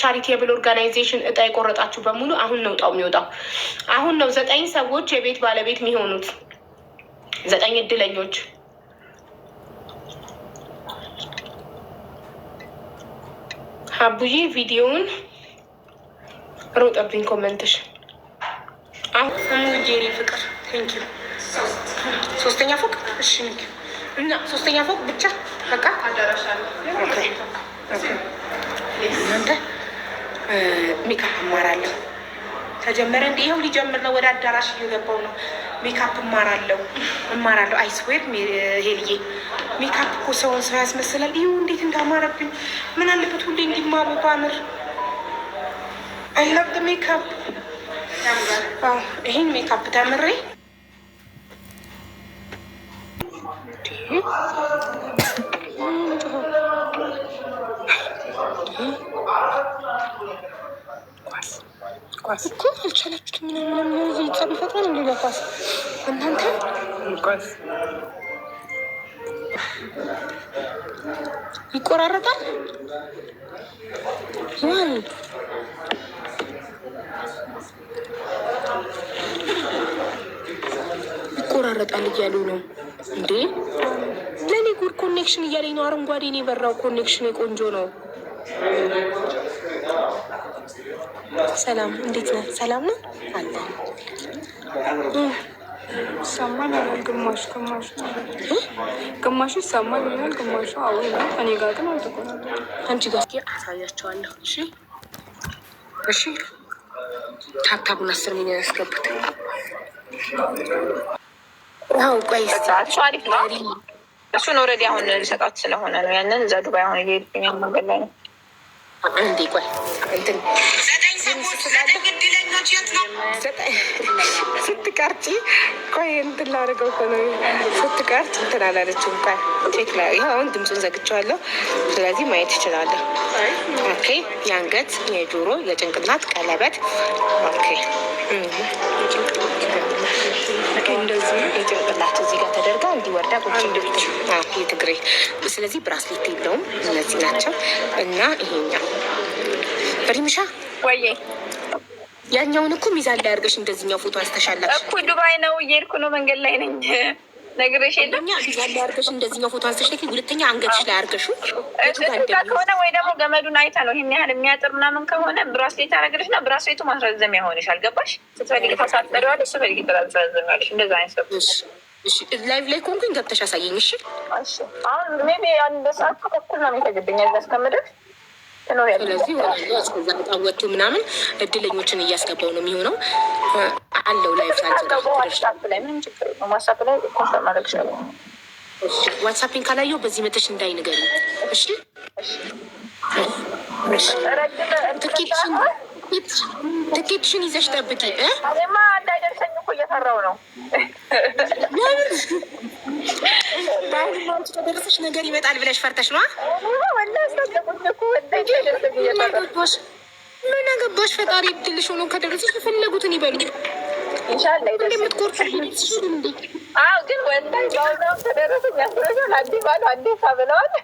ቻሪቴብል ኦርጋናይዜሽን እጣ የቆረጣችሁ በሙሉ አሁን ነው እጣው የሚወጣው። አሁን ነው ዘጠኝ ሰዎች የቤት ባለቤት የሚሆኑት። ዘጠኝ እድለኞች አቡዬ ቪዲዮውን ሮጠብኝ። ኮመንትሽ አሁን ፍቅር ቴንኪው። ሶስተኛ ፎቅ እሺ፣ እና ሶስተኛ ፎቅ ብቻ በቃ አዳራሽ አለ እማራለሁ። ተጀመረ እንዲ ይኸው ሊጀምር ነው። ወደ አዳራሽ እየገባው ነው። ሜካፕ እማራለሁ እማራለሁ። አይስዌር ሄልዬ ሜካፕ እኮ ሰውን ሰው ያስመስላል። ይሁ እንዴት እንዳማረብኝ ምን አለበት ሁሌ እንዲማሩ ባምር አይለብጥ ሜካፕ ይህን ሜካፕ ተምሬ ኳስ እኮ አልቻላችሁት ምናምን ምናምን ጸብ እንዲ ኳስ እናንተ ኳስ ይቆራረጣል ዋን ይቆራረጣል እያሉ ነው እንዴ? ለእኔ ጉድ ኮኔክሽን እያለኝ ነው። አረንጓዴ የበራው ኮኔክሽን የቆንጆ ነው። ሰላም፣ እንዴት ነህ? ሰላም ነው አለ። ይሰማል ይሆናል ግማሽ ግማሽ ግማሹ ይሰማል ይሆናል ግማሹ አዎ ይሆናል። እኔ ጋር ግን አልተቆራረጠም። አንቺ ጋር አሳያቸዋለሁ። እሺ፣ እሺ። ታብታቡን አስር ሚሊዮን ያስገቡት። አዎ፣ ቆይ እሱን ኦልሬዲ አሁን ሊሰጣት ስለሆነ ነው ያንን እዛ ዱባይ አሁን እየሄድኩኝ መንገድ ላይ ነው አንዴ ቆይ እንትን ስትቀርጪ ቆይ እንትን ላደርገው እኮ ነው። ስትቀርጭ እንትን አላለችም። እንኳን ቼክ ላይ አሁን ድምፁን ዘግቼዋለሁ። ስለዚህ ማየት ይችላለሁ። ኦኬ። የአንገት የጆሮ የጭንቅላት ቀለበት። ኦኬ። እንደዚህ የጭንቅላት እዚህ ጋር ተደርጋ እንዲወርዳ የትግሬ ስለዚህ ብራስሌት የለውም። እነዚህ ናቸው እና ይሄኛው ሪምሻ ወይዬ ያኛውን እኮ ሚዛን ላይ አድርገሽ እንደዚህኛው ፎቶ አስተሻላሽ እኮ ዱባይ ነው እየሄድኩ ነው፣ መንገድ ላይ ነኝ ነግረሽ የለም። ሚዛን ላይ አድርገሽ እንደዚህኛው ፎቶ አስተሻላሽ። ሁለተኛ አንገትሽ ላይ አድርገሽ ከሆነ ወይ ደግሞ ገመዱን አይታ ነው ይህን ያህል የሚያጥር ምናምን ከሆነ ብራስሌት አደረግልሽ እና ብራስሌቱ ማስረዘሚያ ሆነሻል። ገባሽ? ስትፈልጊ ታሳጥሪዋለሽ፣ ስትፈልጊ ታስረዘሚያለሽ። እንደዛ አይነት ሰው ላይቭ ላይ ኮንኩኝ ገብተሽ አሳየኝ። እሺ አሁን ሜቢ ቢ አንድ ሰዓት ተኩል ነው የሚፈጅብኝ እዛ እስከምደርስ ስለዚህ እስከዛ በጣም ወጥቶ ምናምን እድለኞችን እያስገባው ነው የሚሆነው። አለው ላይፍ ዋትሳፕን ካላየው በዚህ መተሽ እንዳይንገሪ እሺ። ትኬትሽን ይዘሽ ጠብቂ። እንዳይደርሰኝ እኮ እየፈራሁ ነው። ደረሰሽ ነገር ይመጣል ብለሽ ፈርተሽ ነዋ ምን አገባሽ? ፈጣሪ ይድልሽ። ሆኖ ከደረሰሽ የፈለጉትን ይበሉ። እንደምትቆርሱ ግን ወንዳይ ባውዛም ተደረሰ ያስረሰን አዲስ ባሉ አዲስ አብለዋል